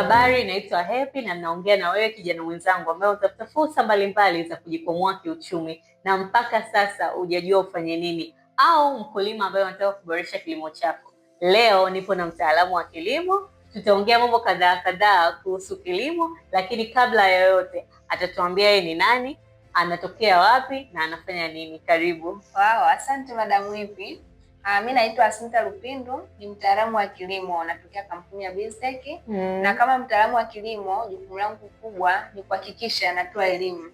Habari, naitwa Happy na naongea na wewe kijana mwenzangu ambaye unatafuta fursa mbalimbali za kujikwamua kiuchumi na mpaka sasa hujajua ufanye nini, au mkulima ambaye unataka kuboresha kilimo chako. Leo nipo na mtaalamu wa kilimo, tutaongea mambo kadhaa kadhaa kuhusu kilimo, lakini kabla ya yote atatuambia yeye ni nani, anatokea wapi na anafanya nini. Karibu. Wow, asante madam Happy. Uh, mi naitwa Asinta Lupindu, ni mtaalamu wa kilimo natokea kampuni ya Bistec mm. na kama mtaalamu wa kilimo jukumu langu kubwa ni kuhakikisha natoa elimu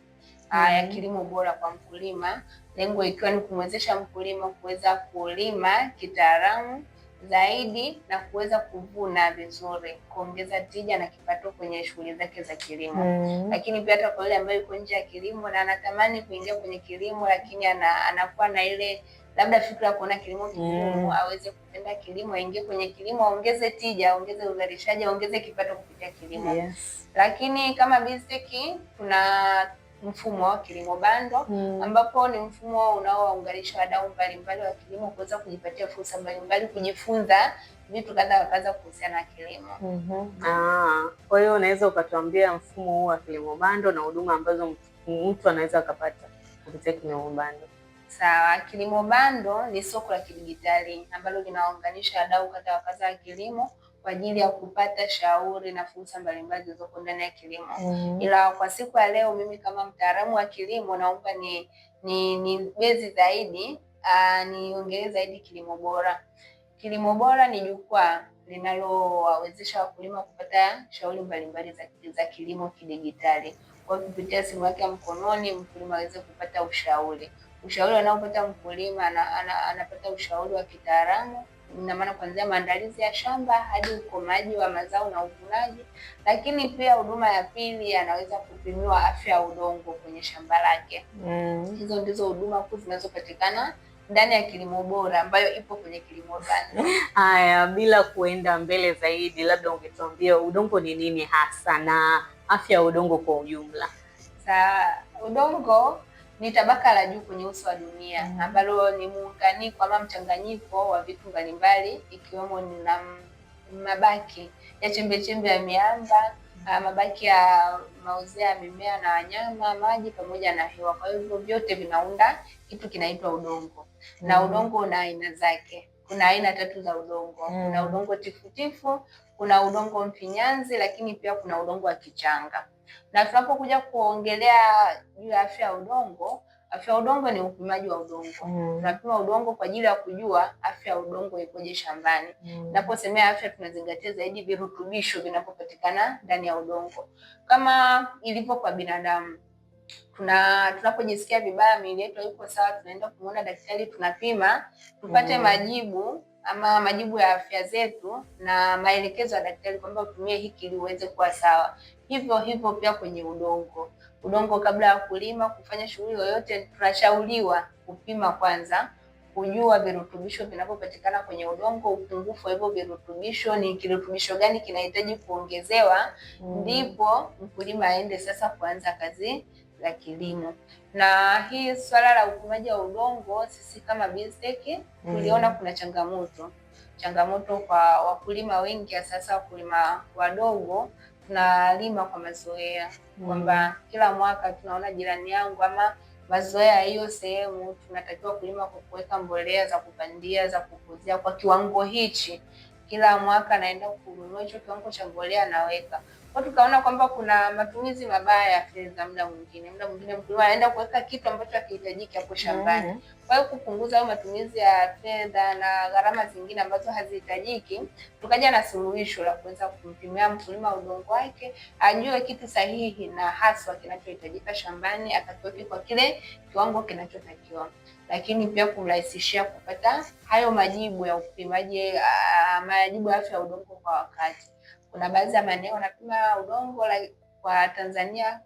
ah, mm. ya kilimo bora kwa mkulima, lengo ikiwa ni kumwezesha mkulima kuweza kulima kitaalamu zaidi na kuweza kuvuna vizuri, kuongeza tija na kipato kwenye shughuli zake za kilimo mm. Lakini pia hata kwa yule ambaye yuko nje ya kilimo na anatamani kuingia kwenye kilimo, lakini ana, anakuwa na ile labda fikra ya kuona kilimo kigumu, mm. aweze kupenda kilimo, aingie kwenye kilimo, aongeze tija, aongeze uzalishaji, aongeze kipato kupitia kilimo yes. Lakini kama BizTech tuna mfumo wa kilimo bando mm. ambapo ni mfumo unaowaunganisha wadau mbalimbali wa kilimo kuweza kujipatia fursa mbalimbali, kujifunza vitu kadhaa wakaza kuhusiana na kilimo mm -hmm. Ah, kwa hiyo unaweza ukatuambia mfumo huu wa kilimo bando na huduma ambazo mtu anaweza akapata kupitia kilimo bando? Sawa, kilimo bando ni soko la kidigitali ambalo linawaunganisha wadau kadhaa wakaza wa kilimo kwa ajili ya kupata shauri na fursa mbalimbali zilizoko ndani ya kilimo mm -hmm. Ila kwa siku ya leo mimi kama mtaalamu wa kilimo naomba ni ni ni bezi zaidi niongelee zaidi kilimo bora. Kilimo bora ni jukwaa linalowawezesha wakulima kupata shauri mbalimbali za, za kilimo kidigitali kwa kupitia simu yake ya mkononi mkulima aweze kupata ushauri. Ushauri anaopata mkulima anapata ushauri wa kitaalamu ina maana kuanzia maandalizi ya shamba hadi ukomaji wa mazao na uvunaji. Lakini pia huduma ya pili, anaweza kupimiwa afya ya udongo kwenye shamba lake. Mm. Hizo ndizo huduma kuu zinazopatikana ndani ya kilimo bora ambayo ipo kwenye kilimo gani? Haya, bila kuenda mbele zaidi, labda ungetuambia udongo ni nini hasa na afya ya udongo kwa ujumla? Sa udongo ni tabaka la juu kwenye uso wa dunia mm -hmm. ambalo ni muunganiko ama mchanganyiko wa vitu mbalimbali ikiwemo na mabaki ya chembechembe ya miamba mm -hmm. mabaki ya mauzea ya mimea na wanyama, maji pamoja na hewa. Kwa hivyo vyote vinaunda kitu kinaitwa udongo mm -hmm. na mhm. udongo una aina zake kuna aina tatu za udongo mm. Kuna udongo tifutifu, kuna udongo mfinyanzi, lakini pia kuna udongo wa kichanga. Na tunapokuja kuongelea juu ya afya ya udongo, afya ya udongo ni upimaji wa udongo mm. Tunapima udongo kwa ajili ya kujua afya ya udongo ikoje shambani mm. Naposemea afya, tunazingatia zaidi virutubisho vinavyopatikana ndani ya udongo kama ilivyo kwa binadamu kuna tunapojisikia vibaya, miili yetu haiko sawa, tunaenda kumuona daktari, tunapima tupate mm. majibu ama majibu ya afya zetu na maelekezo ya daktari kwamba utumie hiki ili uweze kuwa sawa. Hivyo hivyo pia kwenye udongo, udongo kabla ya kulima, kufanya shughuli yoyote, tunashauriwa kupima kwanza, kujua virutubisho vinavyopatikana kwenye udongo, upungufu wa hivyo virutubisho, ni kirutubisho gani kinahitaji kuongezewa, mm. ndipo mm. mkulima aende sasa kuanza kazi za kilimo. Na hii swala la upimaji wa udongo sisi kama BizTech tuliona mm. kuna changamoto changamoto kwa wakulima wengi, sasa wakulima wadogo tunalima kwa mazoea mm. kwamba kila mwaka tunaona jirani yangu ama mazoea hiyo sehemu tunatakiwa kulima kwa kuweka mbolea za kupandia za kukuzia kwa kiwango hichi. Kila mwaka naenda kununua hicho kiwango cha mbolea naweka watu kaona kwamba kuna matumizi mabaya ya fedha muda mwingine. Muda mwingine mkulima anaenda kuweka kitu ambacho hakihitajiki hapo shambani. Mm. Kwa hiyo kupunguza hayo matumizi ya fedha na gharama zingine ambazo hazihitajiki, tukaja na suluhisho la kuweza kumpimia mkulima udongo wake, ajue kitu sahihi na haswa kinachohitajika shambani, akatoke kwa kile kiwango kinachotakiwa, lakini pia kumrahisishia kupata hayo majibu ya upimaji, ah, majibu ya afya ya udongo kwa wakati. Kuna baadhi ya maeneo wanapima udongo la, kwa Tanzania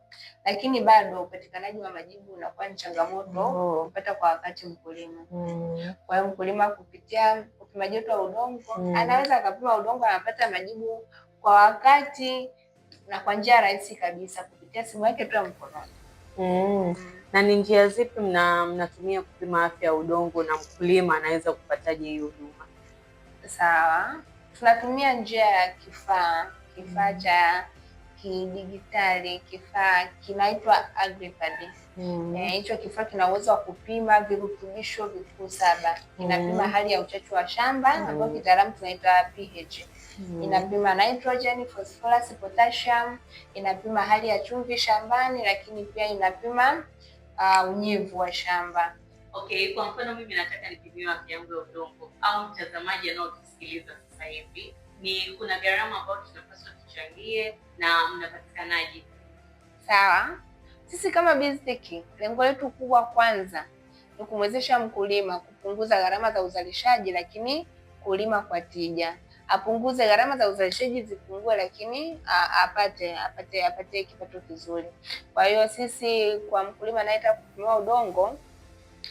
lakini bado upatikanaji wa majibu unakuwa ni changamoto kupata mm. kwa wakati mkulima. Mm. Kwa hiyo mkulima kupitia upimaji wetu wa udongo mm. anaweza akapima udongo anapata majibu kwa wakati na kwa njia rahisi kabisa kupitia simu yake tu ya mkononi. Mm. mm. Na ni njia zipi mna mnatumia kupima afya ya udongo na mkulima anaweza kupataje hiyo huduma? Sawa tunatumia njia ya kifaa kifaa mm. cha kidigitali, kifaa kinaitwa Agripad. Mm. Eh, hicho kifaa kina uwezo wa kupima virutubisho vikuu saba. Inapima mm. hali ya uchachu wa shamba mm. ambayo kitaalamu tunaita pH. Mm. Inapima nitrogen, phosphorus, potassium, inapima hali ya chumvi shambani, lakini pia inapima uh, unyevu wa shamba. Okay, kwa mfano mimi nataka nipimiwe afya yangu ya udongo au mtazamaji anaotusikiliza sasa hivi ni kuna gharama ambayo tunapaswa tuchangie na mnapatikanaje? Sawa, sisi kama BizTech lengo letu kubwa kwanza ni kumwezesha mkulima kupunguza gharama za uzalishaji, lakini kulima kwa tija, apunguze gharama za uzalishaji zipungue, lakini apate apate apate kipato kizuri. Kwa hiyo sisi kwa mkulima anayetaka kutumia udongo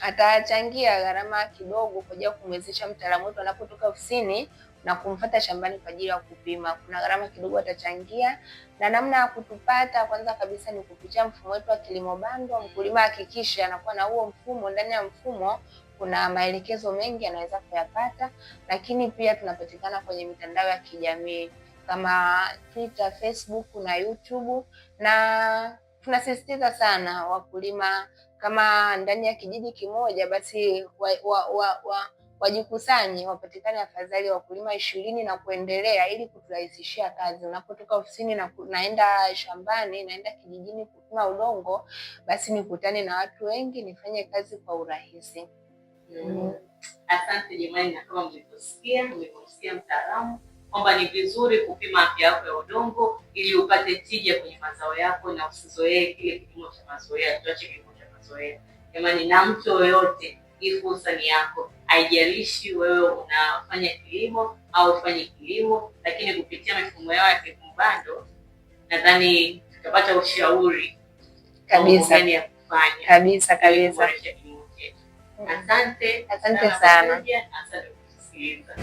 atachangia gharama kidogo kwa ajili ya kumwezesha mtaalamu wetu anapotoka ofisini na kumfuata shambani kwa ajili ya kupima. Kuna gharama kidogo atachangia, na namna ya kutupata, kwanza kabisa ni kupitia mfumo wetu wa Kilimo Bandwa. Mkulima hakikisha anakuwa na huo mfumo. Ndani ya mfumo kuna maelekezo mengi anaweza kuyapata, lakini pia tunapatikana kwenye mitandao ya kijamii kama Twitter, Facebook na YouTube, na tunasisitiza sana wakulima kama ndani ya kijiji kimoja basi wa, wa, wa, wa, wajikusanye, wapatikane afadhali wakulima ishirini na kuendelea, ili kuturahisishia kazi. Unapotoka ofisini na naenda shambani, naenda kijijini kupima udongo, basi nikutane na watu wengi, nifanye kazi kwa urahisi. Mm. Asante jamani, na kama mlivyosikia, mlivyomsikia mtaalamu kwamba ni vizuri kupima afya yako ya udongo ili upate tija kwenye mazao yako na usizoee kile kipimo cha mazoea. Tuache kipimo cha mazoea jamani, na mtu yoyote, hii fursa ni yako haijalishi wewe unafanya kilimo au ufanye kilimo, lakini kupitia mifumo yao ya Kivummbando nadhani tutapata ushauri kabisa ya kufanya kabisa kabisa. Mm. Asante, asante sana, asante kusikiliza.